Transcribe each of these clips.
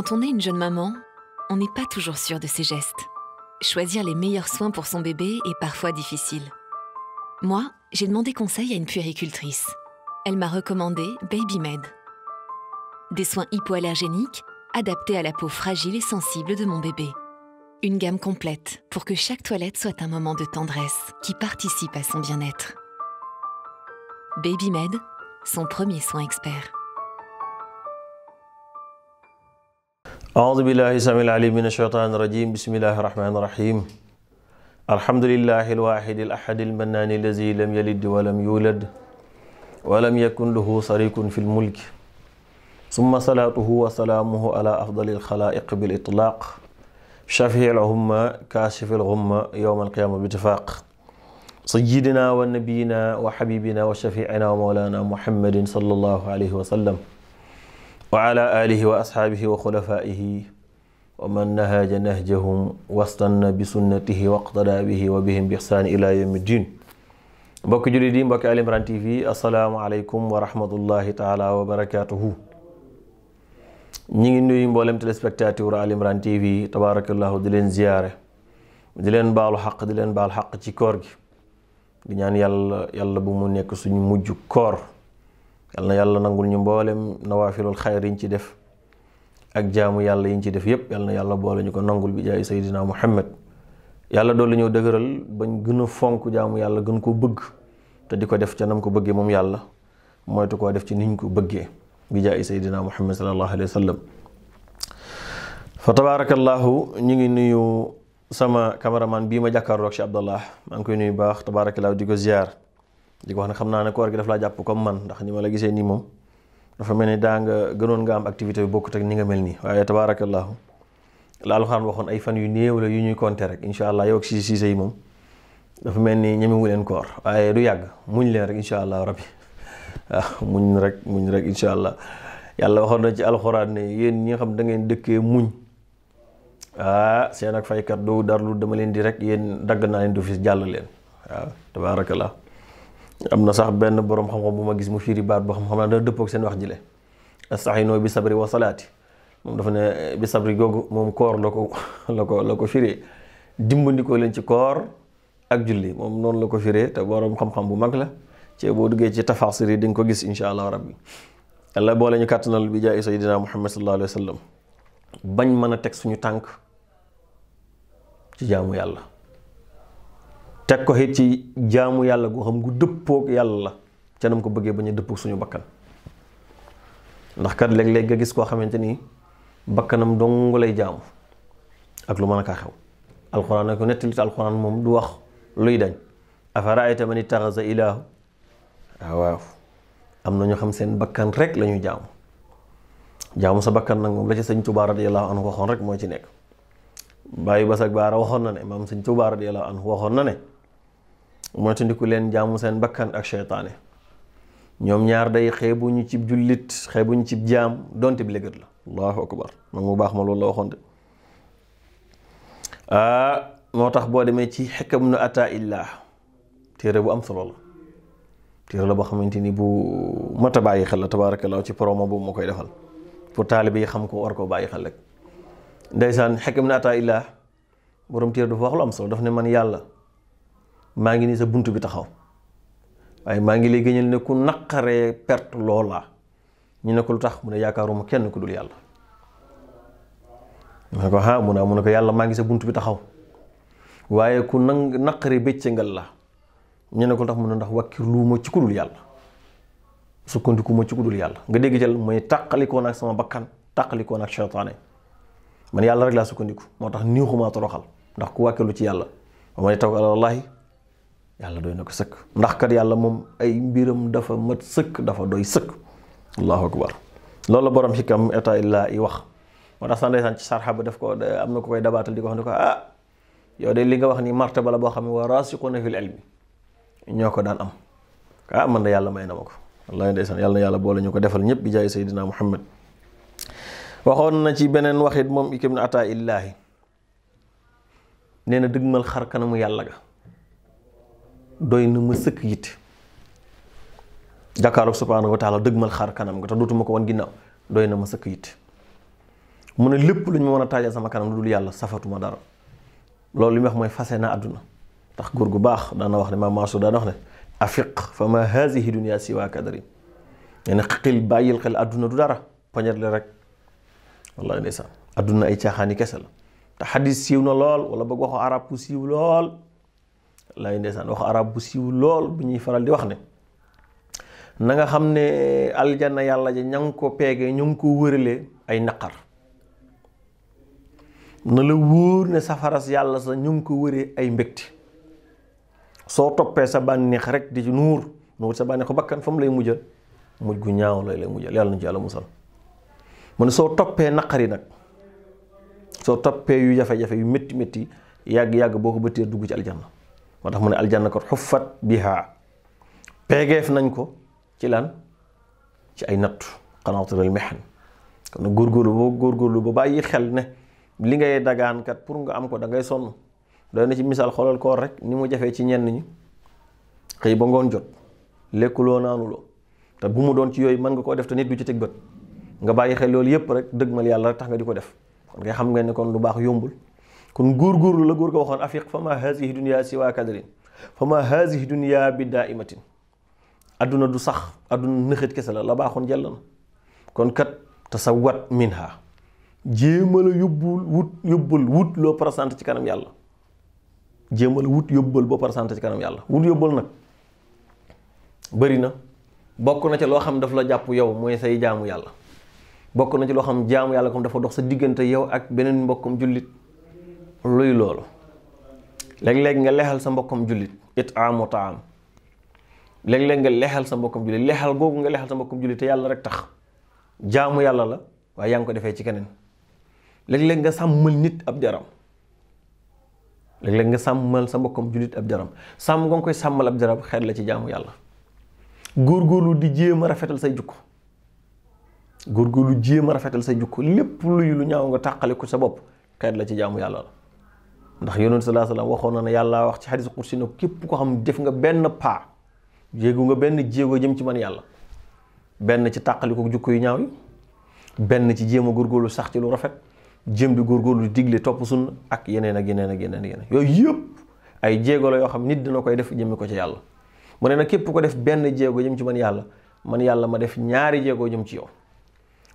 Quand on est une jeune maman, on n'est pas toujours sûr de ses gestes. Choisir les meilleurs soins pour son bébé est parfois difficile. Moi, j'ai demandé conseil à une puéricultrice. Elle m'a recommandé BabyMed. Des soins hypoallergéniques adaptés à la peau fragile et sensible de mon bébé. Une gamme complète pour que chaque toilette soit un moment de tendresse qui participe à son bien-être. BabyMed, son premier soin أعوذ بالله سميع العليم من الشيطان الرجيم بسم الله الرحمن الرحيم الحمد لله الواحد الأحد المنان الذي لم يلد ولم يولد ولم يكن له شريك في الملك ثم صلاته وسلامه على أفضل الخلائق بالإطلاق شفيع العمة كاشف الغمة يوم القيامة باتفاق سيدنا ونبينا وحبيبنا وشفيعنا ومولانا محمد صلى الله عليه وسلم wa ala alihi wa asxaabihi wa xulafaa'ihi wa man nahaja nahjahum wastanna bi sunnatihi waqtada bihi wa bihim bi ixsaani ila yawmi ddin mbokki jullit yi mbokki Ali Imran TV asalaamualeykum wa rahmatullahi taala wa barakaatuhu ñi ngi nuyu mboolem téléspectateur Ali Imran TV tabaarakallahu di leen ziyaare di leen baalu xaq di leen xaq ci koor gi di ñaan yàlla yàlla bu mu nekk suñu mujj koor yal yàlla nangul ñu mboolem nawaafilul xayr yiñ ci def ak jaamu yàlla yiñ ci def yépp yal na yàlla boole ñu ko nangul bi jaay saydina muhammad yàlla doolu ñëw dëgëral bañ gën a fonk jaamu yàlla gën koo bëgg te di ko def ca nam ko bëggee moom yàlla moytu koo def ci niñ ko bëggee bi jaay saydina muhammad sallallahu alayhi wa sallam fa tabarakallahu ñu ngi nuyu sama cameraman bii ma jàkkaarloog si Abdallah maa ngi koy nuyu baax tabarakallahu di ko ziar di wax ne xam naa ne koor gi daf laa jàpp comme man ndax ni ma la gisee nii moom dafa mel ni daa nga gënoon nga am activité bu bokkut ak ni nga mel nii waaye tabaarakallaahu la alxuraan waxoon ay fan yu néew la yu ñuy compter rek incha allah yow ak si siise yi moom dafa mel ni ñemewu leen koor waaye du yàgg muñ leen rek incha allah rabbi waaw ah, muñ rek muñ rek incha allah yàlla waxoon na ci alxuraan ne yéen ñi nga xam da ngeen dëkkee muñ ah seen ak faykat du darlu dama leen di rek yéen dagg naa leen du fi jàll leen waaw tabaarakallah am na sax benn boroom xam-xam bu ma gis mu fiiri baat boo xam xam naa dana dëppoog seen wax ji le astaxinoo bi sabri wa salaati moom dafa ne bi sabri googu moom koor la ko la ko la ko firee dimbandikoo leen ci koor ak julli moom noonu la ko fire te boroom xam-xam bu mag la ci boo duggee ci tafaasir yi di ko gis incha allah rabbi yàlla boole ñu kàttanal bi jaay sayyidina muhammad sallallahu alayhi wa sallam bañ mën a teg suñu tànk ci jaamu yàlla teg ko it ci jaamu yàlla goo xam gu dëppoog yàlla la ca nam ko bëggee bañ a dëppoog suñu bakkan ndax kat léeg-léeg gis koo xamante ni bakkanam dong lay jaamu ak lu mën a kaa na ko nettali te moom du wax luy dañ afaraayta man ittaxasa ilaahu ah, waaw am na ñu xam seen bakkan rek la ñu jaamu jaamu sa bakkan nag moom la ci sañ sëñ Tuubaa radiyallaahu anhu waxoon rek moo ci nekk bàyyi basak baara waxoon na ne maam sëñ Tuubaa radiyallaahu anhu waxoon na ne moytandiku leen jaamu seen bakkan ak seytaane ñoom ñaar day xeebuñu cib jullit xeebuñu cib jaam donte bi légat la allahu akbar moom mu baax ma loolu la waxoon de ah, moo tax boo demee ci xikam nu ata illah téere bu am solo la téere la boo xamante ni bu mat a bàyyi xel la tabaarakallaa ci promo boobu ma koy defal pour taalibe yi xam ko war koo bàyyi xel rek ndeysaan xikam nu ata illah borom téere dafa wax lu am solo daf ne man yàlla maa ngi nii sa bunt bi taxaw waaye maa ngi lay géñal ne ku naqaree perte loola ñu ne ko lu tax mu ne yaakaaruma kenn ku dul yàlla mu ko ah mu ne mu ne ko yàlla maa ngi sa bunt bi taxaw waaye ku nang naqare bëccëngal la ñu ne ko lu tax mu ne ndax wakkirluuma ci ku dul yàlla sukkandiku ma ci ku dul yàlla nga dégg jël mooy tàqalikoon ak sama bakkan tàqalikoon ak seytaane man yàlla rek laa sukkandiku moo tax niixumaa toroxal ndax ku wàkkilu ci yàlla wa man tawakkal alallaahi yàlla dooy na ko sëkk ndax kat yàlla moom ay mbiram dafa mat sëkk dafa doy sëkk allahu akbar loolu la borom xikam état illaa i wax moo tax sax ndeysaan ci sarxa ba daf ko am na ko koy dabaatal di ko wax ne ko ah yow de li nga wax ni marta bala boo xam ne wa rasiquna fil ñoo ko daan am ah man de yàlla may na ma ko wallahi ndeysaan yàlla na yàlla boole ñu ko defal ñëpp bi jaay sayyidina muhammad waxoon na ci beneen waxit moom ikim na ataa illaahi nee na dëgmal xar kanamu yàlla ga doy na ma sëkk yitte jàkkaaroog subhaanahu wa taala mal xaar kanam nga te dootuma ko wan ginnaaw doy na ma sëkk yitte mu ne lépp lu ñu ma mën a taajal sama kanam lu dul yàlla safatuma dara loolu li mu wax mooy fase na àdduna ndax góor gu baax daana wax ne maam Mansour daana wax ne afiq fa ma haasihi dunia siwa kadari nee xil bàyyil xel àdduna du dara poñet la rek wallahi ndeysaan àdduna ay caaxaani kese la te xadis siiw na lool wala bëgg waxu lay ndeysaan wax arab bu siiw lool bu ñuy faral di wax ne nanga xam ne aljanna yàlla ja ña ngi ko peegee ñu ngi ko wëralee ay naqar na la wóor ne safara yàlla sa ñu ngi ko wëree ay mbégte soo toppee sa bànneex rek di ci nuur nuur sa ko bakkan fa mu lay mujjal mujj gu ñaaw lay lay mujjal yàlla na ci yàlla musal mu ne soo toppee naqar yi nag soo toppee yu jafe-jafe yu métti métti yàgg-yàgg boo ko bëttee dugg ci aljanna moo tax mu ne aljanna ko xuffat biha peegeef nañ ko ci lan ci ay nattu qanaatiral mexan kon nag góor ba góorgóorlu ba bàyyi xel ne li ngay dagaankat pour nga am ko dangay sonn doy na ci misaal xoolal koor rek ni mu jafee ci ñenn ñi xëy ba ngoon jot lekkuloo naanuloo te bu mu doon ci yooyu mën nga koo def te nit du ci teg bët nga bàyyi xel loolu yépp rek dëgmal yàlla rek tax nga di ko def kon ngay xam nga ne kon lu baax yombul kon góor góorgóorlu la góor ko waxoon afiq fa ma haasihi dunya si waa kadarin fa ma haasihi dunya bi daa imatin adduna du sax adduna nëxët kese la la baaxoon jàll na kon kat tasawwat minha jéemala yóbbul wut yóbbal wut loo parasant ci kanam yàlla jéemala wut yóbbal boo parasant ci kanam yàlla wut yóbbal nag bëri na bokk na ca loo xam daf la jàpp yow mooy say jaamu yàlla bokk na ci loo xam jaamu yàlla comme dafa dox sa diggante yow ak beneen mbokkum jullit luy loolu léeg-léeg nga leexal sa mbokkam jullit it amu taam léeg-léeg nga leexal sa mbokkam jullit leexal googu nga leexal sa mbokkam jullit te yàlla rek tax jaamu yàlla la waaye yaa ngi ko defee ci keneen léeg-léeg nga sàmmal nit ab jaram léeg-léeg nga sàmmal sa mbokkam jullit ab jaram sàmm nga koy sàmmal ab jaram xeet la ci jaamu yàlla góor góorgóorlu di jéem a rafetal say jukko góorgóorlu jéem a rafetal say jukko lépp luy lu ñaaw nga tàqale ko sa bopp xeet la ci jaamu yàlla la ndax yonent salaa salaam waxoon na ne yàlla wax ci xadis xursi ne képp ko xam def nga benn paa jéegu nga benn jéego jëm ci man yàlla benn ci tàqaliko jukko yu ñaaw benn ci jéem a góorgóorlu sax ci lu rafet jéem di góorgóorlu digle topp sunna ak yeneen ak yeneen ak yeneen yeneen yooyu yëpp ay jéego la yoo xam nit dina koy def jëmmi ko ci yàlla mu ne nag ko def benn jéego jëm ci man yàlla man yàlla ma def ñaari jéegoo jëm ci yow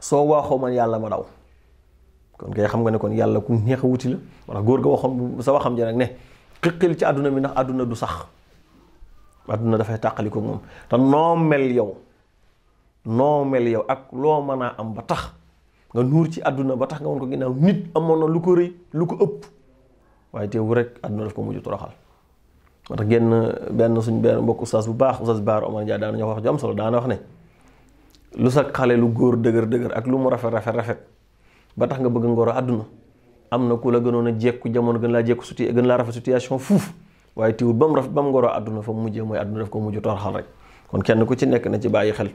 soo waaxoo man yàlla ma daw kon kay xam nga ne kon yàlla ku neex a wuti la góor ga waxoon sa waxam ja nag ne xiqil ci àdduna bi ndax àdduna du sax àdduna dafay tàqali ko moom te noo mel yow noo mel yow ak loo mën a am ba tax nga nuur ci àdduna ba tax nga woon ko ginnaaw nit amoon na lu ko rëy lu ko ëpp waaye teewu rek àdduna daf ko mujj toroxal moo tax genn benn suñ benn mbokk ustaas bu baax Baar Omar Ndiaye daana wax ju am solo daana wax ne lu sa xale lu góor dëgër dëgër ak lu mu rafet rafet rafet ba tax nga bëgg ngoro àdduna am na ku la gënoon a jekku jamono gën laa jekku suti gën laa rafet situation fuuf waaye tiwul ba mu raf ba mu ngoro àdduna fa mu mujjee mooy àdduna daf ko mujj torxal rek kon kenn ku ci nekk na ci bàyyi xel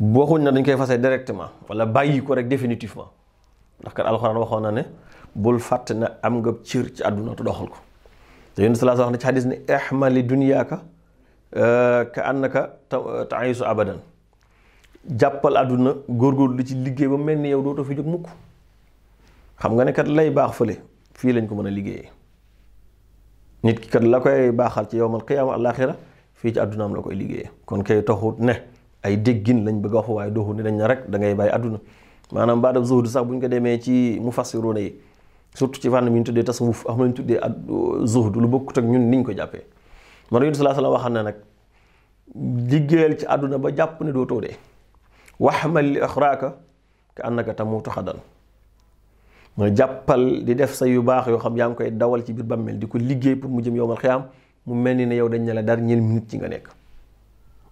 booxuñ na dañ koy fase directement wala bàyyi ko rek définitivement ndax kat alxuraan waxoon na ne bul fàtte na am nga cër ci àdduna te doxal ko te yonent sallallahu alayhi wasallam wax na ci xadis ne ihmali dunyaaka euh, ka annaka taisu jàppal àdduna góor góor góorgóorlu ci liggéey ba mel ni yow dootoo fi jóg mukk xam nga ne kat lay baax fële fii lañ ko mën a liggéeyee nit ki kat la koy baaxal ci yowmal qiyaama alaaxira fii ci àddunaam la koy liggéeyee kon kay taxut ay déggin lañ bëgg a wax waaye dooxut ne dañ na rek da ngay àdduna maanaam baadab sax bu ñu ko demee ci mufassiruuna yi surtout ci fànn mi ñu tuddee tasawuf am lañ tuddee ak zuhud lu bokkut ak ñun niñ ko jàppee man yonent sallallahu alayhi nag liggéeyal ci àdduna ba jàpp ne dootoo dee waxmal li axraaka ka tax a xadan mooy jàppal di def sa yu baax yoo xam yaa ngi koy dawal ci biir bàmmeel di ko liggéey pour mu jëm yowmal xiyaam mu mel ni ne yow dañ ne la dar ñeent nit ci nga nekk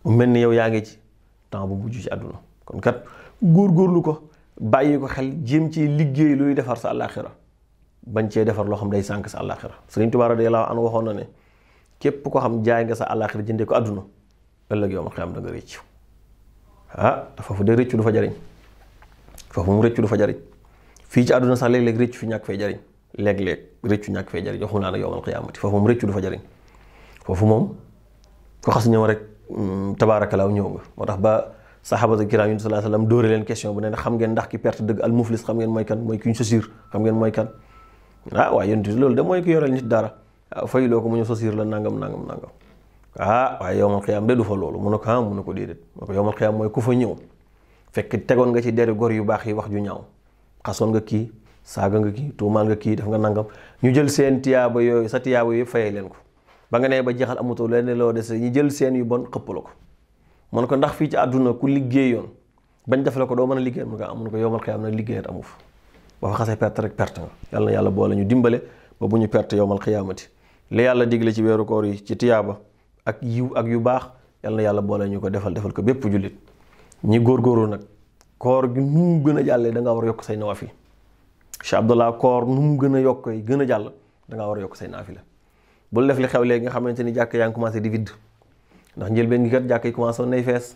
mu mel ni yow yaa ngi ci temps bu mujj ci àdduna kon kat góor góorlu ko bàyyi ko xel jéem ci liggéey luy defar sa àllaaxira bañ cee defar loo xam day sànk sa àllaaxira Sëriñ Tuubaa radiyallaahu anhu waxoon na ne képp ko xam jaay nga sa àllaaxira jëndee ko àdduna ëllëg yowmal xiyaam da nga ah foofu de rëccu du fa jariñ foofu moom rëccu du fa jariñ fii ci àdduna sax léeg-léeg rëccu fi ñàkk fay jariñ léeg-léeg rëccu ñàkk fay jariñ waxu naa nag yowmal qiyaamati foofu moom rëccu du fa jariñ foofu moom ko xas ñëw rek mm, tabaarakallaahu ñëw nga moo tax ba saxaabatu kiraam yi sallallaahu alayhi wa leen question bu ne xam ngeen ndax ki perte dëgg al muflis xam ngeen mooy kan mooy ki ñu sosiir xam ngeen mooy kan ah, loolu de mooy ki yoreel nit dara ah, fay loo ko mu ñu sosiir la nangam nangam nangam ah waaye yowmal xiyaam de du fa loolu mu ne ko ah mu ne ko déedéet mu ne ko yowmal xiyaam mooy ku fa ñëw fekk tegoon nga ci deri gor yu baax yi wax ju ñaaw xasoon nga kii saaga nga kii tuumaal nga kii def nga nangam ñu jël seen tiyaaba yooyu sa tiyaaba yooyu faye leen ko ba nga nee ba jeexal amatoo leneen loo dese ñu jël seen yu bon xëpp la ko mën ne ko ndax fii ci àdduna ku liggéey liggéeyoon bañ def la ko doo mën a liggéey mu ne ko ah, ko yowmal xiyaam nag liggéeyat amu fa ba fa xasee perte rek perte nga yàlla na yàlla boole ñu dimbale ba bu ñu perte yowmal xiyaamati li yàlla digle ci weeru koor yi ci tiyaaba ak yiw ak yu baax yal na yàlla boole ñu ko defal defal ko bépp jullit ñi góor góorgóorlu nag koor gi nu mu gën a jàllee da ngaa war a yokk say nawafi Cheikh Abdallah koor mu gën a yokk gën a jàll da ngaa war a yokk say naafila bul def li xew léegi nga xamante ni jàkk yaa ngi commencé di vidd ndax njëlbeen gi kat jàkk yi commencé woon nay fees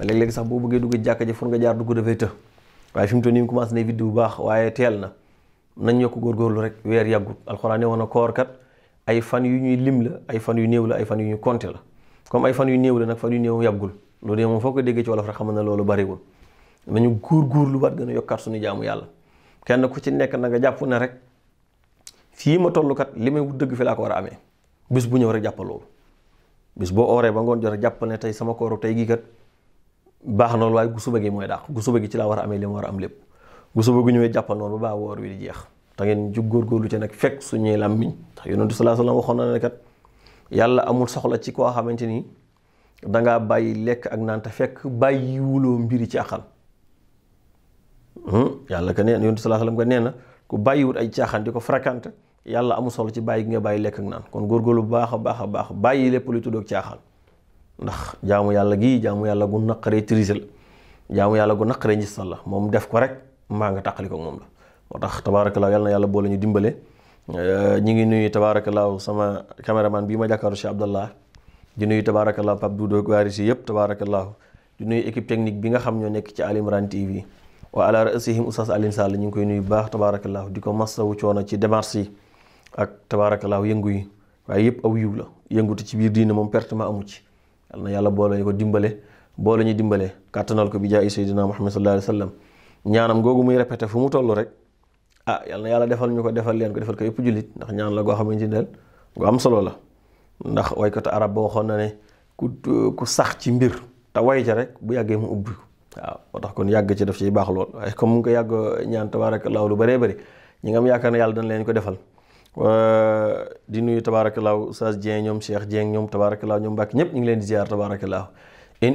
léeg-léeg sax boo bëggee dugg jàkk ji fu nga jaar dugg dafay të waaye fi mu toll nii commencé nay vidd bu baax waaye teel na nañ yokk góorlu rek weer yàggut alxuraan ne woon na koor ay fan yu ñuy lim la ay fan yu néew la ay fan yu ñu compté la comme ay fan yu néew la nag fan yu néew yàggul loolu de moom foo ko déggee ci wolof rek xam na loolu bariwul nañu góor-góorlu waat gën a yokkaat suñu jaamu yàlla kenn ku ci nekk na nga jàpp ne rek fii ma toll kat li may wut dëgg fi laa ko war a amee bis bu ñëw rek jàppal loolu bis boo ooree ba ngoon jot rek jàppal ne tey sama kooru tey gii kat baax na loolu waaye gu suba gi mooy dàq gu suba gi ci laa war a amee li ma war a am lépp gu suba gu ñëwee jàppal noonu ba baa woor wi di jeex te ngeen jug góorlu ci nag fekk suñuy làmmiñ ndax yonentu sallallahu waxoon na ne kat yàlla amul soxla ci koo xamante ni danga bàyyi lekk ak naan te fekk bàyyi wuloo mbiri caaxaan hmm? yàlla ka nee yonentu sallallahu alayhi wasallam nee na ku bàyyiwut ay caaxaan ko fréquente yàlla amul soxla ci bàyyi nga bàyyi lekk naan kon góorgóorlu bu baax a baax a baax bàyyi lépp luy tuddoog caaxaan ndax jaamu yàlla gii jaamu yàlla gu naqaree tirise la jaamu yàlla gu naqaree njistal la moom def ko rek mbaa nga tàqali ko moom la moo tax tabaarakallaa yàlla na yàlla boole ñu dimbale euh, ngi nuyu tabaarakallaa sama caméraman bii ma jàkkaaru si Abdallah di nuyu tabaarakallaa Pape Doudou ak waaris yi yëpp tabaarakallaa di nuyu équipe technique bi nga xam ñoo nekk ci Ali Imran TV wa ala rasihim ñu ngi koy nuyu bu baax tabaarakallaa di ko masawu coono ci démarche yi ak tabaarakallaa yëngu yi waaye yëpp aw yiw la yëngutu ci biir diine moom pertement amu ci na yàlla boole ñu ko dimbale boole ñu dimbale kàttanal ko bi jaay Seydina Muhammad sallallahu alayhi wa sallam ñaanam googu muy répété fu mu toll rek ah yal na yàlla defal ñu ko defal leen ko defal ko yëpp jullit ndax ñaan la goo xam ne njëndal gu am solo la ndax waykatu arab ba waxoon na ne ku ku sax ci mbir te way ca rek bu yàggee mu ubbi waaw moo tax kon yàgg ci def ciy baax lool waaye comme mu ngi ko yàgg ñaan tabaarakallaahu lu bëree bëri ñi nga am yaakaar ne yàlla dana leen ko defal di nuyu tabaarakallaahu Oustaz Dieng ñoom seex Dieng ñoom tabaarakallaahu ñoom Mbàkke ñëpp ñu ngi leen di ziar tabaarakallaahu in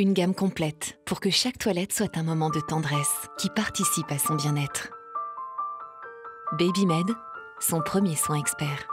Une gamme complète pour que chaque toilette soit un moment de tendresse qui participe à son bien-être. BabyMed, son premier soin expert.